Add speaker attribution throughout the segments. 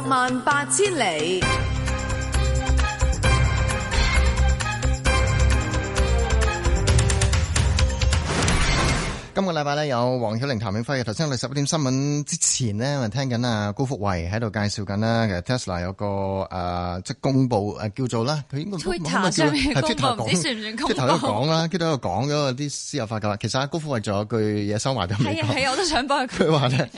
Speaker 1: 十萬八千里。今個禮拜咧有黃曉玲、譚永輝，頭先嚟十一點新聞之前咧，咪聽緊啊高福衛喺度介紹緊啦。其實 Tesla 有個誒，即係公布誒，叫做啦，佢應該 Twitter 上面公布，唔知算唔算公布。即係頭都講啦，跟住都講咗啲私有化㗎喇。其實阿高福衛仲有句嘢收埋㗎嘛。係啊係，我都
Speaker 2: 想幫佢。佢話
Speaker 1: 咧。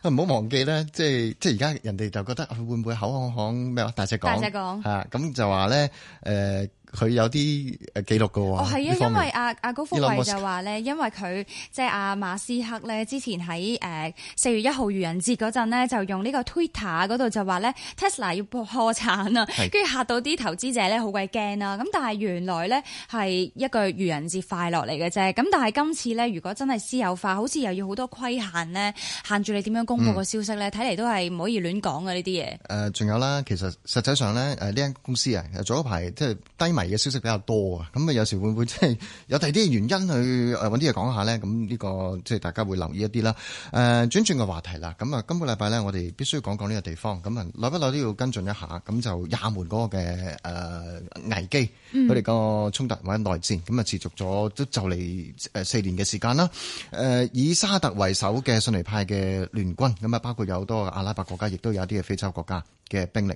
Speaker 1: 啊，唔好忘記咧，即係即係而家人哋就覺得佢會唔會口紅紅咩話，大隻講，大隻講吓咁就話咧誒。呃佢有啲誒記錄嘅喎，哦係啊，因為阿
Speaker 2: 阿高福貴就話咧，因為佢即係阿馬斯克咧，之前喺誒四月一號愚人節嗰陣咧，就用呢個 Twitter 嗰度就話咧 Tesla 要破產啊，跟住嚇到啲投資者咧好鬼驚啊，咁但係原來咧係一個愚人節快樂嚟嘅啫，咁但係今次咧如果真係私有化，好似又要好多規限咧，限住你點樣公佈個消息咧，睇、嗯、嚟都係唔可以亂講嘅呢啲嘢。
Speaker 1: 誒、嗯、仲、呃、有啦，其實實際上咧誒呢間公司啊，早一排即係低。嘅消息比較多啊，咁啊有時會唔會即係有第啲原因去誒揾啲嘢講下咧？咁呢個即係大家會留意一啲啦。誒、呃、轉轉個話題啦，咁啊今個禮拜咧，我哋必須講講呢個地方，咁啊耐不耐都要跟進一下。咁就也門嗰個嘅危機，佢、嗯、哋個衝突或者內戰，咁啊持續咗都就嚟四年嘅時間啦。誒、呃、以沙特為首嘅遜尼派嘅聯軍，咁啊包括有好多阿拉伯國家，亦都有一啲嘅非洲國家。嘅兵力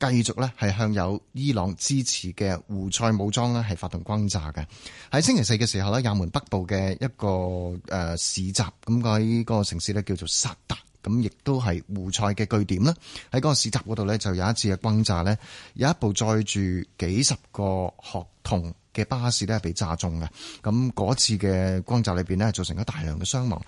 Speaker 1: 繼續咧係向有伊朗支持嘅胡塞武裝呢係發動轟炸嘅。喺星期四嘅時候呢，也門北部嘅一個、呃、市集，咁個呢個城市呢叫做薩達，咁亦都係胡塞嘅據點啦。喺嗰個市集嗰度呢，就有一次嘅轟炸呢，有一部載住幾十個學童嘅巴士咧，被炸中嘅，咁嗰次嘅空襲裏面呢，造成咗大量嘅傷亡。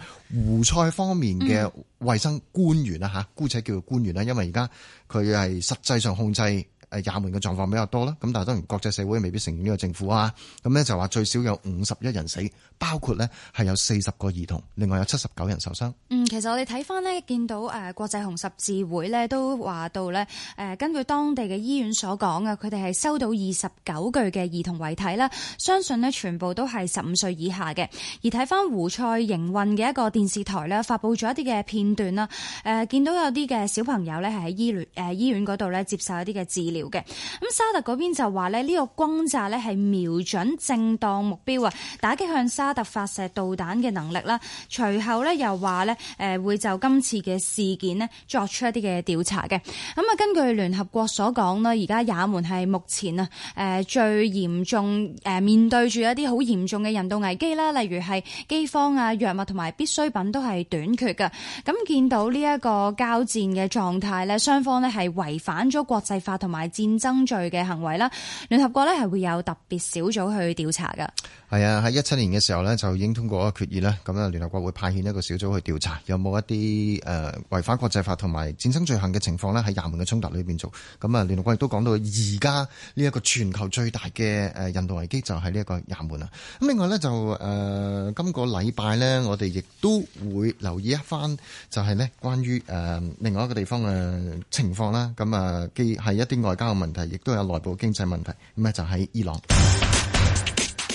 Speaker 1: 胡塞方面嘅衛生官員啊、嗯，姑且叫做官員啦，因為而家佢係實際上控制也門嘅狀況比較多啦，咁但係當然國際社會未必承認呢個政府啊，咁呢，就話最少有五十一人死。包括咧係有四十個兒童，另外有七十九人受傷。
Speaker 2: 嗯，其實我哋睇翻咧，見到誒國際紅十字會咧都話到咧，誒、呃、根據當地嘅醫院所講啊，佢哋係收到二十九具嘅兒童遺體啦，相信咧全部都係十五歲以下嘅。而睇翻胡塞營運嘅一個電視台咧，發布咗一啲嘅片段啦，誒、呃、見到有啲嘅小朋友咧係喺醫聯誒、呃、醫院嗰度咧接受一啲嘅治療嘅。咁沙特嗰邊就話咧呢個轟炸咧係瞄準正當目標啊，打擊向沙沙特發射導彈嘅能力啦，隨後咧又話咧，誒會就今次嘅事件咧作出一啲嘅調查嘅。咁啊，根據聯合國所講咧，而家也門係目前啊，誒最嚴重誒面對住一啲好嚴重嘅人道危機啦，例如係饑荒啊、藥物同埋必需品都係短缺㗎。咁見到呢一個交戰嘅狀態咧，雙方咧係違反咗國際法同埋戰爭罪嘅行為啦。聯合國咧係會有特別小組去調查㗎。
Speaker 1: 係啊，喺一七年嘅時候呢，就已經通過一個決議咧，咁啊，聯合國會派遣一個小組去調查有冇一啲誒違反國際法同埋戰爭罪行嘅情況呢，喺也門嘅衝突裏邊做。咁、嗯、啊，聯合國亦都講到而家呢一個全球最大嘅誒人道危機就喺呢一個也門啊。咁、嗯、另外呢，就誒、呃、今個禮拜呢，我哋亦都會留意一番，就係呢關於誒另外一個地方嘅情況啦。咁、嗯、啊，既係一啲外交嘅問題，亦都有內部經濟問題。咁啊，就喺伊朗。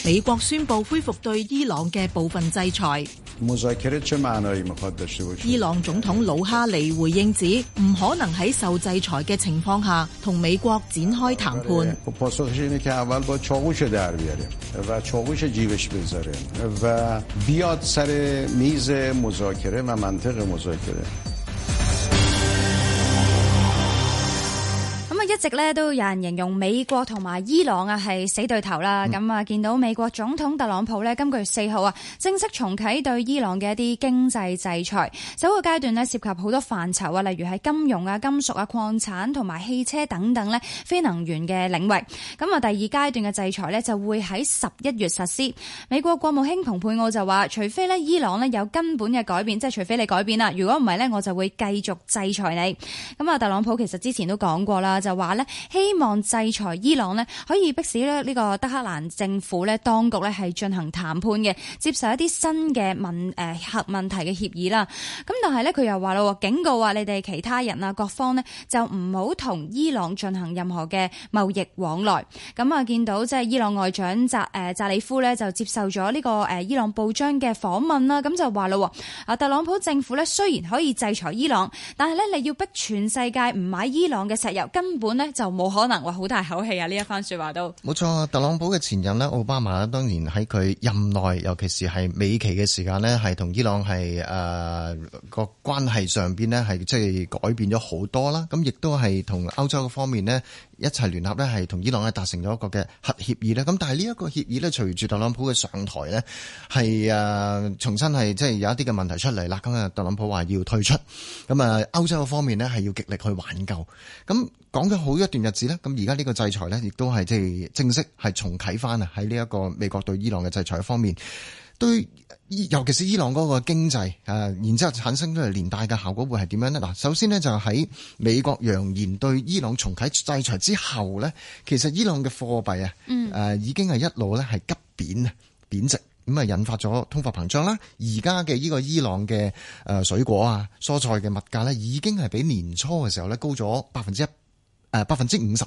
Speaker 3: 美國宣布恢復對伊朗嘅部分制
Speaker 1: 裁。
Speaker 2: 伊
Speaker 3: 朗總統魯哈尼回應指，唔可能喺受制裁嘅情況下同美國展開談
Speaker 1: 判。
Speaker 2: 一直咧都有人形容美國同埋伊朗啊係死對頭啦。咁、嗯、啊，見到美國總統特朗普咧，今個月四號啊，正式重啟對伊朗嘅一啲經濟制裁。首個階段咧涉及好多範疇啊，例如係金融啊、金屬啊、礦產同埋汽車等等咧非能源嘅領域。咁啊，第二階段嘅制裁咧就會喺十一月實施。美國國務卿蓬佩奧就話：除非咧伊朗咧有根本嘅改變，即係除非你改變啦，如果唔係咧我就會繼續制裁你。咁啊，特朗普其實之前都講過啦，就話希望制裁伊朗呢，可以迫使咧呢個德黑蘭政府呢，當局呢，係進行談判嘅，接受一啲新嘅問誒核問題嘅協議啦。咁但係呢，佢又話咯，警告話你哋其他人啊各方呢，就唔好同伊朗進行任何嘅貿易往來。咁啊，見到即係伊朗外長扎誒扎、呃、里夫呢，就接受咗呢個誒伊朗報章嘅訪問啦。咁就話咯，阿特朗普政府呢，雖然可以制裁伊朗，但係呢，你要逼全世界唔買伊朗嘅石油，根本咧，就冇可能話，好大口氣啊！呢一番說話都
Speaker 1: 冇錯。特朗普嘅前任呢，奧巴馬當年喺佢任內，尤其是係尾期嘅時間呢，係同伊朗係誒個關係上邊呢，係即係改變咗好多啦。咁亦都係同歐洲方面呢一齊聯合呢，係同伊朗係達成咗一個嘅核協議咧。咁但係呢一個協議呢，隨住特朗普嘅上台呢，係誒、呃、重新係即係有一啲嘅問題出嚟啦。咁啊，特朗普話要退出，咁啊，歐洲方面呢，係要極力去挽救咁。講咗好一段日子咧，咁而家呢個制裁咧，亦都係即係正式係重啟翻啊！喺呢一個美國對伊朗嘅制裁方面，對伊，尤其是伊朗嗰個經濟，誒，然之後產生咗嚟連帶嘅效果會係點樣呢？嗱，首先呢，就喺美國揚言對伊朗重啟制裁之後咧，其實伊朗嘅貨幣啊，誒，已經係一路咧係急貶啊，貶值，咁、嗯、啊引發咗通貨膨脹啦。而家嘅呢個伊朗嘅誒水果啊、蔬菜嘅物價咧，已經係比年初嘅時候咧高咗百分之一。誒百分之五十，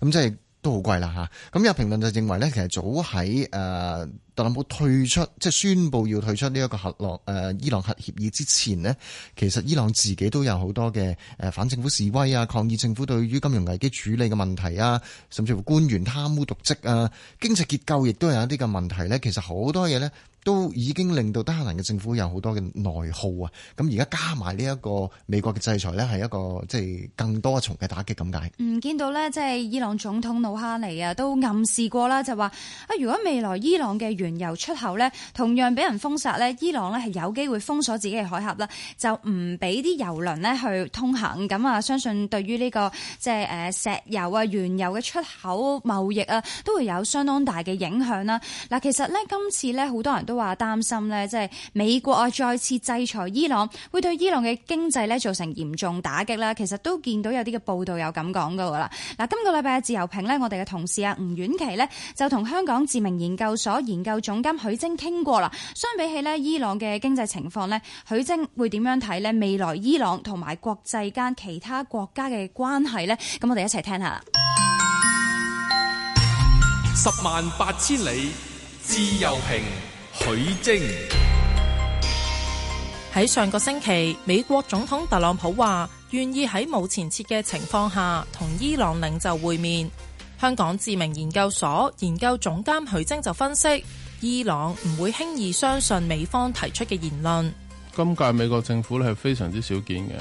Speaker 1: 咁即係都好貴啦嚇！咁有評論就認為咧，其實早喺誒、呃、特朗普退出，即係宣布要退出呢一個核落、呃、伊朗核協議之前呢，其實伊朗自己都有好多嘅反政府示威啊、抗議政府對於金融危機處理嘅問題啊，甚至乎官員貪污瀆職啊、經濟結構亦都有一啲嘅問題咧，其實好多嘢咧。都已經令到德黑蘭嘅政府有好多嘅內耗啊！咁而家加埋呢一個美國嘅制裁呢，係一個即係更多重嘅打擊咁解。
Speaker 2: 唔見到呢，即係伊朗總統魯哈尼啊，都暗示過啦，就話、是、啊，如果未來伊朗嘅原油出口呢同樣俾人封殺呢，伊朗呢係有機會封鎖自己嘅海峽啦，就唔俾啲油輪呢去通行。咁啊，相信對於呢、這個即係誒石油啊、原油嘅出口貿易啊，都會有相當大嘅影響啦。嗱，其實呢，今次呢好多人都。都話擔心咧，即係美國啊再次制裁伊朗，會對伊朗嘅經濟咧造成嚴重打擊啦。其實都見到有啲嘅報道有咁講噶啦。嗱，今個禮拜嘅自由評咧，我哋嘅同事啊吳婉琪咧就同香港智明研究所研究總監許楨傾過啦。相比起咧伊朗嘅經濟情況咧，許楨會點樣睇咧未來伊朗同埋國際間其他國家嘅關係咧？咁我哋一齊聽下。
Speaker 4: 十萬八千里自由評。許楨
Speaker 3: 喺上個星期，美國總統特朗普話願意喺冇前設嘅情況下同伊朗領袖會面。香港智明研究所研究總監許楨就分析，伊朗唔會輕易相信美方提出嘅言論。
Speaker 4: 今屆美國政府咧係非常之少見嘅，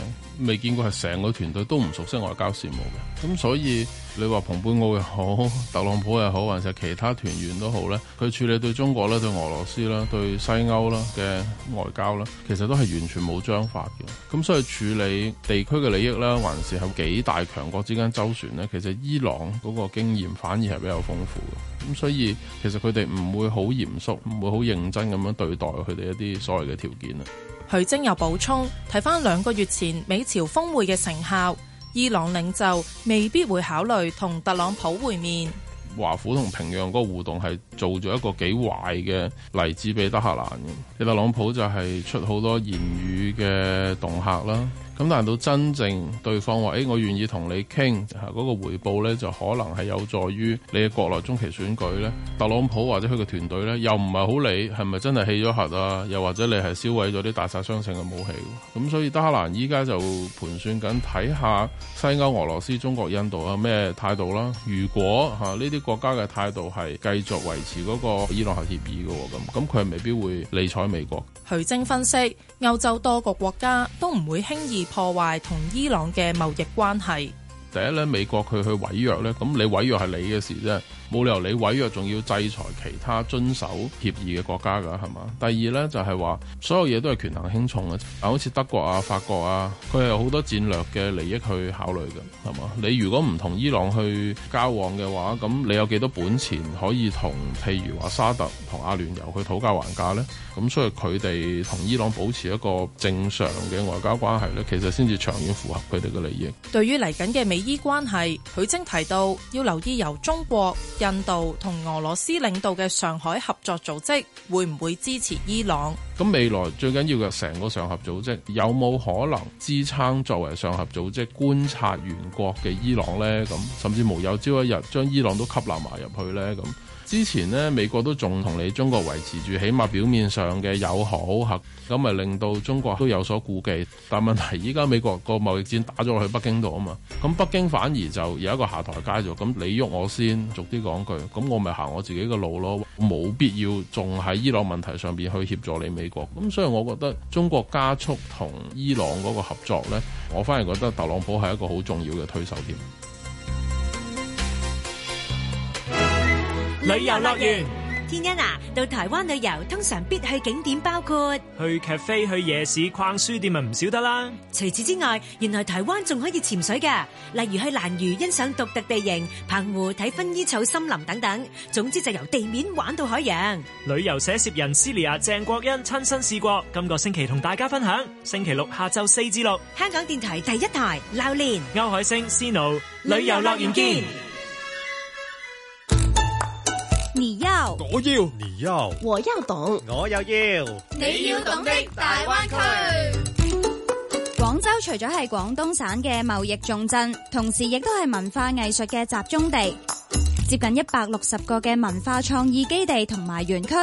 Speaker 4: 未見過係成個團隊都唔熟悉外交事務嘅，咁所以。你話蓬佩奧又好，特朗普又好，還是其他團員都好咧，佢處理對中國咧、對俄羅斯啦、對西歐啦嘅外交咧，其實都係完全冇章法嘅。咁所以處理地區嘅利益咧，還是有幾大強國之間周旋呢，其實伊朗嗰個經驗反而係比較豐富嘅。咁所以其實佢哋唔會好嚴肅，唔會好認真咁樣對待佢哋一啲所謂嘅條件啊。
Speaker 3: 許楨又補充：睇返兩個月前美朝峰會嘅成效。伊朗領袖未必會考慮同特朗普會面。
Speaker 4: 華府同平壤個互動係做咗一個幾壞嘅例子俾德克蘭嘅，特朗普就係出好多言語嘅恫嚇啦。咁難道真正對方話誒、欸，我願意同你傾，嗰、嗰個回報咧，就可能係有助於你嘅國內中期選舉咧。特朗普或者佢嘅團隊咧，又唔係好理係咪真係棄咗核啊？又或者你係燒毀咗啲大殺傷性嘅武器？咁所以德黑蘭依家就盤算緊睇下西歐俄羅斯、中國印度有咩態度啦。如果吓呢啲國家嘅態度係繼續維持嗰個伊朗核協議嘅喎，咁咁佢係未必會理睬美國。
Speaker 3: 許楨分析，歐洲多個國家都唔會輕易。破壞同伊朗嘅貿易關係。
Speaker 4: 第一咧，美國佢去毀約咧，咁你毀約係你嘅事啫。冇理由你毀約，仲要制裁其他遵守協議嘅國家㗎，係嘛？第二呢，就係話，所有嘢都係權衡輕重嘅，好似德國啊、法國啊，佢係有好多戰略嘅利益去考慮嘅，係嘛？你如果唔同伊朗去交往嘅話，咁你有幾多本錢可以同譬如話沙特同阿聯酋去討價還價呢？咁所以佢哋同伊朗保持一個正常嘅外交關係呢，其實先至長遠符合佢哋嘅利益。
Speaker 3: 對於嚟緊嘅美伊關係，許楨提到要留意由中國。印度同俄羅斯領導嘅上海合作組織會唔會支
Speaker 4: 持伊朗？咁未來最緊要嘅成個上合組織有冇可能支撐作為上合組織觀察員國嘅伊朗呢？咁甚至無有朝一日將伊朗都吸納埋入去呢？咁？之前呢，美國都仲同你中國維持住，起碼表面上嘅友好合，咁咪令到中國都有所顧忌。但問題依家美國個貿易戰打咗去北京度啊嘛，咁北京反而就有一個下台階咗，咁你喐我先，逐啲講句，咁我咪行我自己嘅路咯，冇必要仲喺伊朗問題上面去協助你美國。咁所以我覺得中國加速同伊朗嗰個合作呢，我反而覺得特朗普係一個好重要嘅推手添。
Speaker 5: 旅遊樂園，天恩啊，到台灣旅遊通常必去景點包括
Speaker 1: 去咖啡、去夜市、逛書店啊，唔少得啦。
Speaker 5: 除此之外，原來台灣仲可以潛水㗎，例如去蘭嶼欣賞獨特地形、澎湖睇薰衣草森林等等。總之就由地面玩到海洋。
Speaker 1: 旅遊寫攝人 Cilia，鄭國恩親身試過，今個星期同大家分享。星期六下晝四至六，
Speaker 5: 香港電台第一台，流年，歐海星、思奴，旅遊樂園見。你要，我要，你要，我要懂，我
Speaker 2: 又要。你要懂的大灣區，廣州除咗係廣東省嘅貿易重鎮，同時亦都係文化藝術嘅集中地，接近一百六十個嘅文化創意基地同埋園區，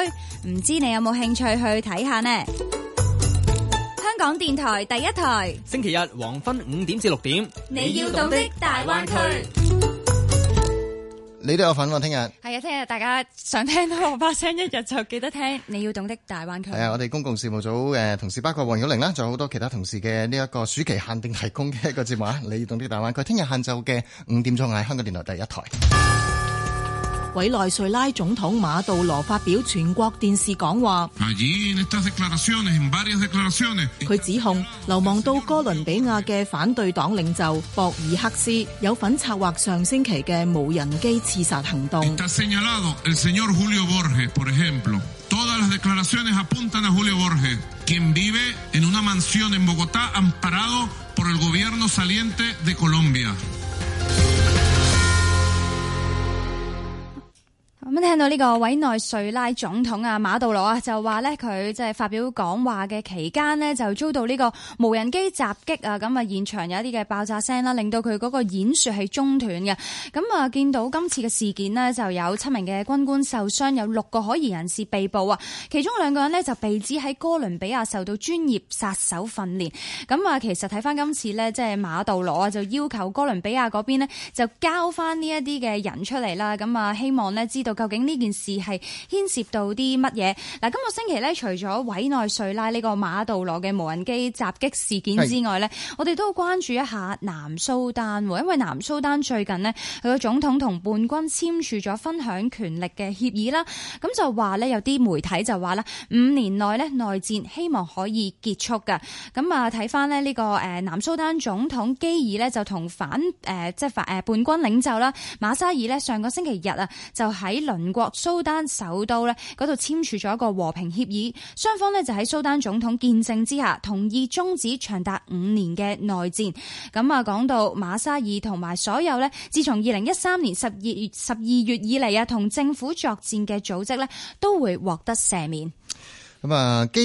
Speaker 2: 唔知你有冇興趣去睇下呢？香港電台第一台，
Speaker 1: 星期日黃昏五點至六點，
Speaker 2: 你要懂的大灣區。
Speaker 1: 你都有份喎，聽日
Speaker 2: 係啊！聽日大家想聽到我把聲，一日就記得聽。你要懂得《大灣區》係啊！我
Speaker 1: 哋公共事務組誒同事包括黃曉玲啦，仲有好多其他同事嘅呢一個暑期限定提供嘅一個節目啊！ 你要懂得《大灣區》，聽日晏晝嘅五點鐘喺香港電台第一台。
Speaker 3: 委內瑞拉總統馬杜羅發表全國電視講話，佢指控流亡到哥倫比亞嘅反對黨領袖博爾克斯有份策劃上星期嘅無人機刺殺行
Speaker 4: 動。
Speaker 2: 咁聽到呢個委內瑞拉總統啊馬杜羅啊就話呢，佢即係發表講話嘅期間呢，就遭到呢個無人機襲擊啊，咁啊現場有一啲嘅爆炸聲啦，令到佢嗰個演說係中斷嘅。咁啊見到今次嘅事件呢，就有七名嘅軍官受傷，有六個可疑人士被捕啊。其中兩個人呢，就被指喺哥倫比亞受到專業殺手訓練。咁啊其實睇翻今次呢，即係馬杜羅啊就要求哥倫比亞嗰邊呢，就交翻呢一啲嘅人出嚟啦。咁啊希望呢，知道究竟呢件事係牽涉到啲乜嘢？嗱，今個星期咧，除咗委內瑞拉呢個馬杜羅嘅無人機襲擊事件之外咧，我哋都關注一下南蘇丹。因為南蘇丹最近咧，佢個總統同叛軍簽署咗分享權力嘅協議啦。咁就話咧，有啲媒體就話啦，五年內咧內戰希望可以結束噶。咁啊，睇翻咧呢個誒南蘇丹總統基爾咧就同反誒即係誒叛軍領袖啦馬沙爾咧上個星期日啊就喺鄰國蘇丹首都咧嗰度簽署咗一個和平協議，雙方呢就喺蘇丹總統見證之下，同意終止長達五年嘅內戰。咁啊，講到馬沙爾同埋所有呢，自從二零一三年十二月十二月以嚟啊，同政府作戰嘅組織呢都會獲得赦免。
Speaker 1: 咁啊，基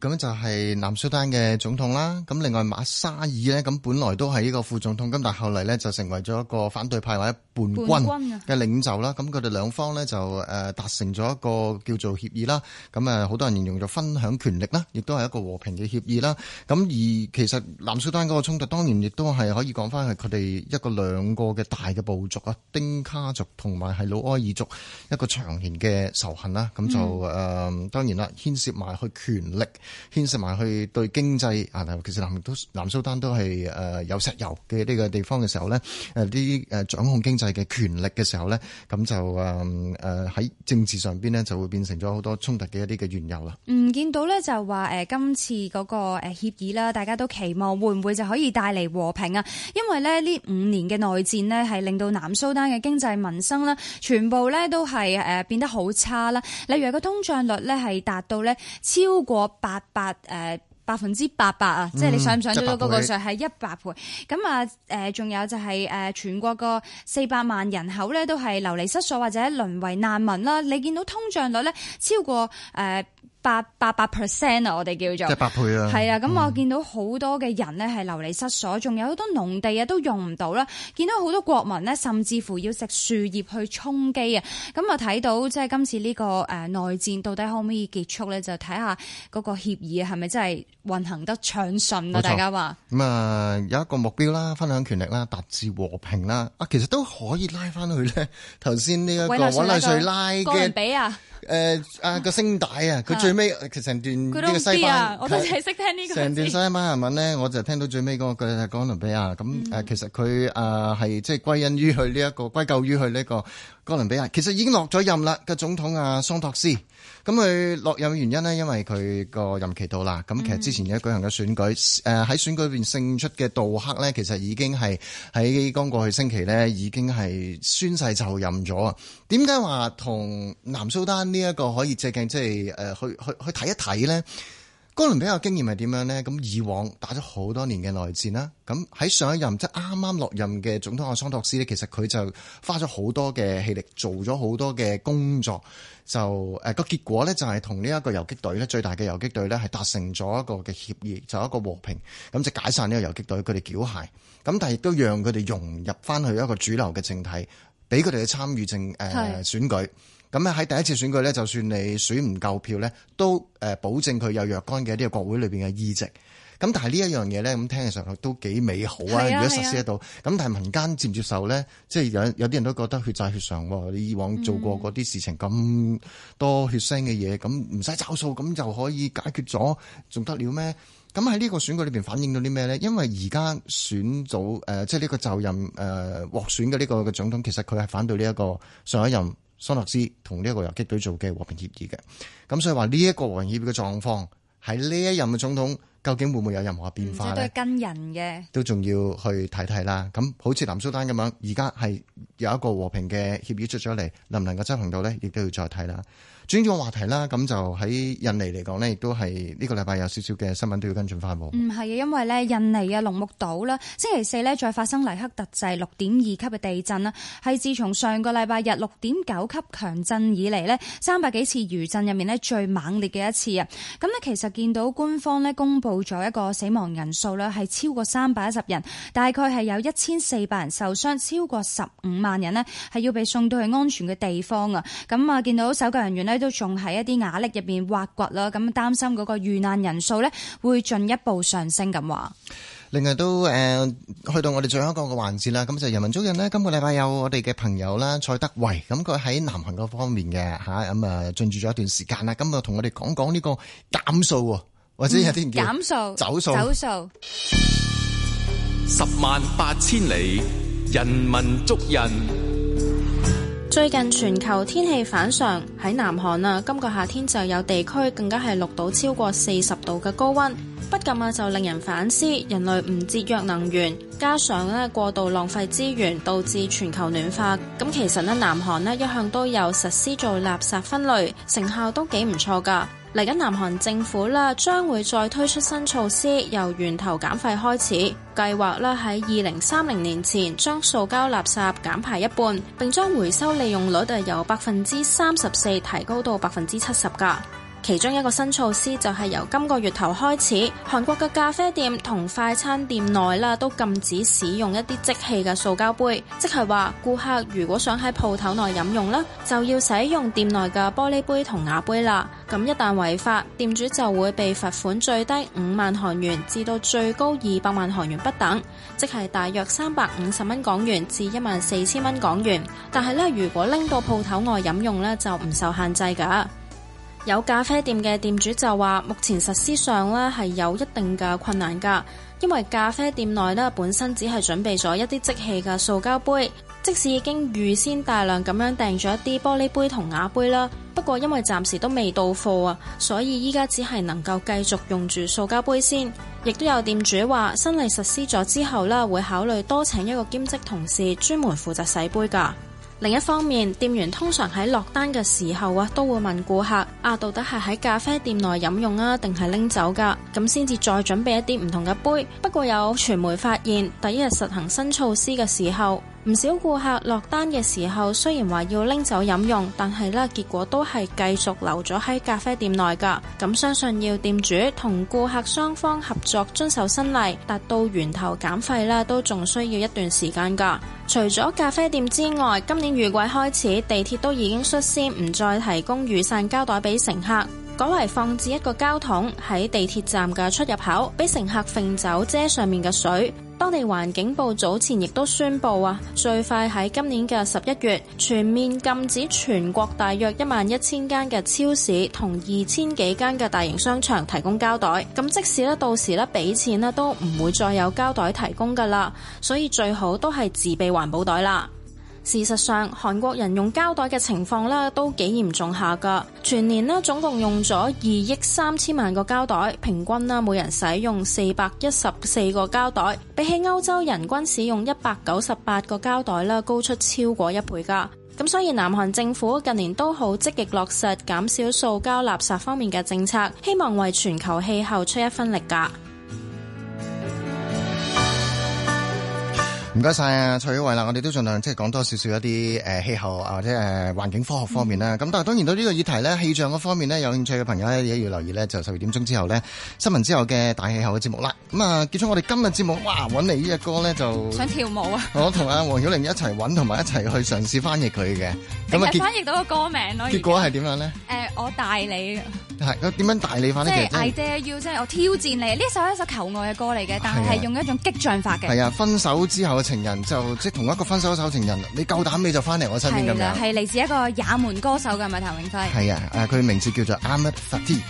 Speaker 1: 爾咁就係南蘇丹嘅總統啦。咁另外馬沙爾呢，咁本來都係呢個副總統，咁但係後嚟咧就成為咗一個反對派或者。叛軍嘅領袖啦，咁佢哋兩方咧就誒達成咗一個叫做協議啦，咁啊好多人形容就分享權力啦，亦都係一個和平嘅協議啦。咁而其實南蘇丹嗰個衝突，當然亦都係可以講翻係佢哋一個兩個嘅大嘅部族啊，丁卡族同埋係努埃爾族一個長年嘅仇恨啦。咁就誒當然啦，牽涉埋去權力，牽涉埋去對經濟啊。嗱其實南都南蘇丹都係誒有石油嘅呢個地方嘅時候咧，誒啲誒掌控經濟嘅權力嘅時候咧，咁就誒誒喺政治上邊呢，就會變成咗好多衝突嘅一啲嘅緣由啦。
Speaker 2: 嗯，見到咧就話誒、呃、今次嗰個誒協議啦，大家都期望會唔會就可以帶嚟和平啊？因為咧呢五年嘅內戰呢，係令到南蘇丹嘅經濟民生呢，全部咧都係誒變得好差啦。例如個通脹率咧係達到咧超過八百誒。百分之八百啊，即係你想唔想到嗰個數係一百倍，咁啊，誒，仲、呃、有就係、是、誒、呃，全國個四百萬人口咧都係流離失所或者淪為難民啦，你見到通脹率咧超過誒。呃八八八 percent 啊，我哋叫做即係八、就是、倍啊，係啊，咁、嗯、我見到好多嘅人呢係流離失所，仲有好多農地啊都用唔到啦。見到好多國民呢，甚至乎要食樹葉去充飢啊。咁啊，睇到即係今次呢個誒內戰到底可唔可以結束咧？就睇下嗰個協議係咪真係運行得暢順啊？大家話
Speaker 1: 咁啊，有一個目標啦，分享權力啦，達至和平啦。啊，其實都可以拉翻去咧。頭先呢一個委內瑞，瑞拉嘅。個啊。誒啊個聲帶啊，佢最尾其實成段呢個西班牙，我都淨係
Speaker 2: 識聽呢個成、啊、段西
Speaker 1: 班牙文咧，我就聽到最尾嗰句係哥倫比亞咁、嗯啊、其實佢啊係即係歸因於佢呢一個歸咎於佢呢個哥倫比亞，其實已經落咗任啦個總統啊桑托斯。咁佢落任嘅原因呢，因為佢個任期到啦。咁其實之前嘅舉行嘅選舉，誒、嗯、喺、呃、選舉裏邊勝出嘅杜克咧，其實已經係喺剛過去星期咧，已經係宣誓就任咗啊。點解話同南蘇丹呢一個可以借鏡，即係誒、呃、去去去睇一睇咧？哥倫比亞經驗係點樣咧？咁以往打咗好多年嘅內戰啦，咁喺上一任即係啱啱落任嘅總統阿桑托斯咧，其實佢就花咗好多嘅氣力，做咗好多嘅工作，就誒個、呃、結果咧，就係同呢一個遊擊隊咧，最大嘅遊擊隊咧，係達成咗一個嘅協議，就一個和平，咁就解散呢個遊擊隊，佢哋繳械，咁但係亦都讓佢哋融入翻去一個主流嘅政體，俾佢哋嘅參與政誒選舉。呃咁咧喺第一次選舉咧，就算你選唔夠票咧，都誒保證佢有若干嘅呢個國會裏面嘅議席。咁但係呢一樣嘢咧，咁聽嘅上都幾美好啊！如果實施得到，咁、啊、但係民間接唔接受咧？即係有有啲人都覺得血債血償喎。你以往做過嗰啲事情咁、嗯、多血腥嘅嘢，咁唔使找數，咁就可以解決咗，仲得了咩？咁喺呢個選舉裏面反映到啲咩咧？因為而家選組誒，即係呢個就任誒、呃、獲選嘅呢個嘅總統，其實佢係反對呢一個上一任。桑德斯同呢一個游擊隊做嘅和平協議嘅，咁所以話呢一個和平協議嘅狀況喺呢一任嘅總統究竟會唔會有任何嘅變化，都係
Speaker 2: 跟人嘅，
Speaker 1: 都仲要去睇睇啦。咁好似南蘇丹咁樣，而家係有一個和平嘅協議出咗嚟，能唔能夠執行到咧？亦都要再睇啦。轉咗個話題啦，咁就喺印尼嚟講呢，亦都係呢個禮拜有少少嘅新聞都要跟進翻冇？
Speaker 2: 嗯，係啊，因為呢印尼嘅龍目島啦，星期四呢再發生黎克特制六點二級嘅地震啦，係自從上個禮拜日六點九級強震以嚟呢，三百幾次餘震入面呢最猛烈嘅一次啊。咁呢其實見到官方呢公佈咗一個死亡人數呢係超過三百一十人，大概係有一千四百人受傷，超過十五萬人呢係要被送到去安全嘅地方啊。咁啊，見到搜救人員喺度仲喺一啲瓦礫入邊挖掘啦，咁擔心嗰個遇難人數咧，會進一步上升咁話。
Speaker 1: 另外都誒，去到我哋最後一個嘅環節啦，咁就人文足印咧，今個禮拜有我哋嘅朋友啦，蔡德蕙，咁佢喺南韓個方面嘅吓，咁啊進駐咗一段時間啦，今日同我哋講講呢個減塑，或者有啲叫減塑、走塑、走塑，十萬八千里人文足印。
Speaker 5: 最近全球天氣反常，喺南韓啊，今個夏天就有地區更加係錄到超過四十度嘅高溫。不禁啊，就令人反思人類唔節約能源，加上咧過度浪費資源，導致全球暖化。咁其實咧，南韓咧一向都有實施做垃圾分類，成效都幾唔錯噶。嚟緊，南韓政府啦將會再推出新措施，由源頭減廢開始，計劃啦喺二零三零年前將塑膠垃圾減排一半，並將回收利用率由百分之三十四提高到百分之七十噶。其中一個新措施就係由今個月頭開始，韓國嘅咖啡店同快餐店內啦，都禁止使用一啲即棄嘅塑膠杯，即係話顧客如果想喺鋪頭內飲用咧，就要使用店內嘅玻璃杯同瓦杯啦。咁一旦違法，店主就會被罰款最低五萬韓元至到最高二百萬韓元不等，即係大約三百五十蚊港元至一萬四千蚊港元。但係咧，如果拎到鋪頭外飲用咧，就唔受限制㗎。有咖啡店嘅店主就話，目前實施上咧係有一定嘅困難噶，因為咖啡店內呢本身只係準備咗一啲即棄嘅塑膠杯，即使已經預先大量咁樣訂咗一啲玻璃杯同瓦杯啦，不過因為暫時都未到貨啊，所以依家只係能夠繼續用住塑膠杯先。亦都有店主話，新例實施咗之後咧，會考慮多請一個兼職同事專門負責洗杯噶。另一方面，店員通常喺落單嘅時候啊，都會問顧客啊，到底係喺咖啡店內飲用啊，定係拎走㗎？咁先至再準備一啲唔同嘅杯。不過有傳媒發現，第一日實行新措施嘅時候，唔少顧客落單嘅時候，雖然話要拎走飲用，但係咧結果都係繼續留咗喺咖啡店內㗎。咁相信要店主同顧客雙方合作遵守新例，達到源頭減廢啦，都仲需要一段時間㗎。除咗咖啡店之外，今年雨季開始，地鐵都已經率先唔再提供雨傘膠袋俾乘客。改為放置一個膠桶喺地鐵站嘅出入口，俾乘客揈走遮上面嘅水。當地環境部早前亦都宣布啊，最快喺今年嘅十一月全面禁止全國大約一萬一千間嘅超市同二千幾間嘅大型商場提供膠袋。咁即使咧到時咧俾錢咧都唔會再有膠袋提供噶啦，所以最好都係自備環保袋啦。事實上，韓國人用膠袋嘅情況咧都幾嚴重下噶。全年咧總共用咗二億三千萬個膠袋，平均啦每人使用四百一十四個膠袋，比起歐洲人均使用一百九十八個膠袋咧高出超過一倍噶。咁所以南韓政府近年都好積極落實減少塑膠垃圾方面嘅政策，希望為全球氣候出一分力噶。
Speaker 1: 唔該晒啊，蔡德蕙啦，我哋都盡量即係講多少少一啲誒氣候啊或者誒環境科學方面啦。咁、嗯、但係當然對呢個議題咧，氣象嗰方面咧，有興趣嘅朋友咧，也要留意咧，就十二點鐘之後咧，新聞之後嘅大氣候嘅節目啦。咁、嗯、啊，結束我哋今日節目，哇，搵嚟呢隻歌咧就想
Speaker 2: 跳舞啊我和！我
Speaker 1: 同阿黃曉玲一齊搵同埋一齊去嘗試翻譯佢嘅，咁啊，翻譯
Speaker 2: 到個歌名咯。結果係點樣咧？誒、呃，我帶你。
Speaker 1: 係，點樣大你翻咧？即係、就是、I
Speaker 2: dare you，即係我挑戰你。呢首係一首求愛嘅歌嚟嘅、啊，但係係用一種激將法嘅。係啊，
Speaker 1: 分手之後嘅情人就即係同一個分手之後的情人，你夠膽你就翻嚟我身邊咁、啊、樣。係
Speaker 2: 嚟自一個也門歌手嘅，係咪譚永輝？
Speaker 1: 係啊，誒，佢名字叫做 Amr Farid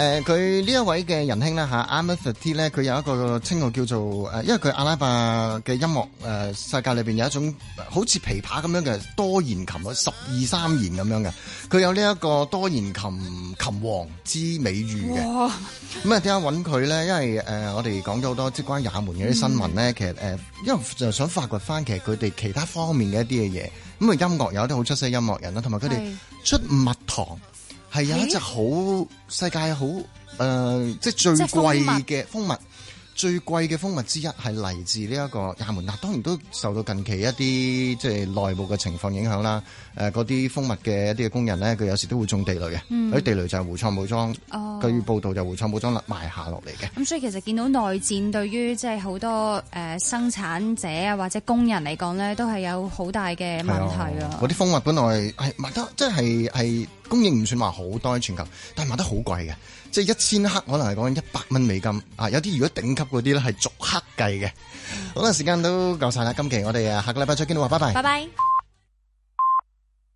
Speaker 1: 誒、呃，佢呢一位嘅仁兄啦，吓，Amr 咧，佢有一個稱號叫做誒、呃，因為佢阿拉伯嘅音樂誒、呃、世界裏邊有一種好似琵琶咁樣嘅多弦琴，十二三弦咁樣嘅，佢有呢一個多弦琴琴王之美譽嘅。咁啊，點解搵佢咧？因為誒、呃，我哋講咗好多即係關也門嘅啲新聞咧、嗯，其實誒、呃，因為就想發掘翻其實佢哋其他方面嘅一啲嘅嘢。咁啊，音樂有啲好出色音樂人啦，同埋佢哋出蜜糖。係有一隻好世界好誒、嗯，即係最貴嘅蜂蜜。最貴嘅蜂蜜之一係嚟自呢一個也門，嗱，當然都受到近期一啲即係內部嘅情況影響啦。誒嗰啲蜂蜜嘅一啲嘅工人咧，佢有時都會種地雷嘅，啲、嗯、地雷就係胡塞武裝。哦、據報道就係胡塞武裝埋下落嚟嘅。
Speaker 2: 咁、嗯、所以其實見到內戰對於即係好多誒、呃、生產者啊或者工人嚟講咧，都係有好大嘅問題嘅啊！嗰
Speaker 1: 啲蜂蜜本來係賣得即係係供應唔算話好多喺全球，但係賣得好貴嘅。即係一千克可能係講一百蚊美金啊！有啲如果頂級嗰啲咧係逐克計嘅。 好啦，時間都夠晒啦，今期我哋啊下個禮拜再見啦，拜拜。拜拜。